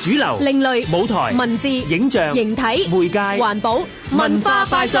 主流、另類、舞台、文字、影像、形體、媒介、環保、文化、快訊。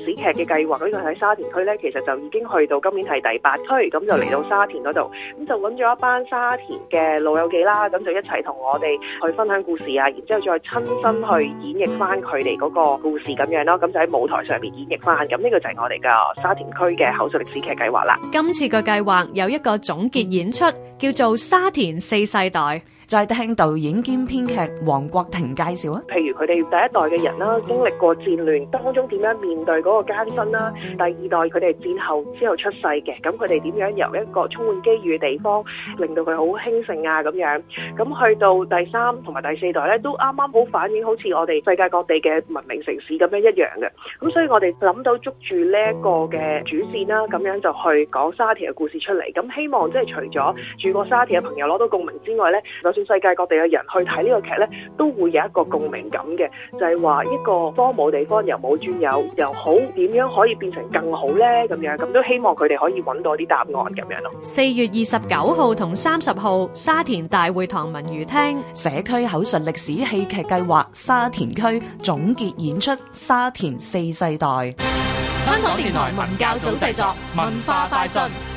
史劇嘅計劃，呢個喺沙田區呢，其實就已經去到今年係第八區，咁就嚟到沙田嗰度，咁就揾咗一班沙田嘅老友記啦，咁就一齊同我哋去分享故事啊，然之後再親身去演繹翻佢哋嗰個故事咁樣咯，咁就喺舞台上面演繹翻，咁呢個就係我哋嘅沙田區嘅口述歷史劇計劃啦。今次個計劃有一個總結演出，叫做《沙田四世代》。再聽導演兼編劇王國庭介紹啊，譬如佢哋第一代嘅人啦，經歷過戰亂當中點樣面對嗰個艱辛啦，第二代佢哋戰後之後出世嘅，咁佢哋點樣由一個充滿機遇嘅地方，令到佢好興盛啊咁樣，咁去到第三同埋第四代咧，都啱啱好反映好似我哋世界各地嘅文明城市咁樣一樣嘅，咁所以我哋諗到捉住呢一個嘅主線啦，咁樣就去講沙田嘅故事出嚟，咁希望即係除咗住過沙田嘅朋友攞到共鳴之外咧，世界各地嘅人去睇呢個劇呢，都會有一個共鳴感嘅，就係話一個荒蕪地方又冇專有，又好點樣可以變成更好呢，咁樣咁都希望佢哋可以揾到啲答案咁樣咯。四月二十九號同三十號，沙田大會堂文娛廳社區口述歷史戲劇計劃沙田區總結演出《沙田四世代》。香港電台文教組製作，文化快訊。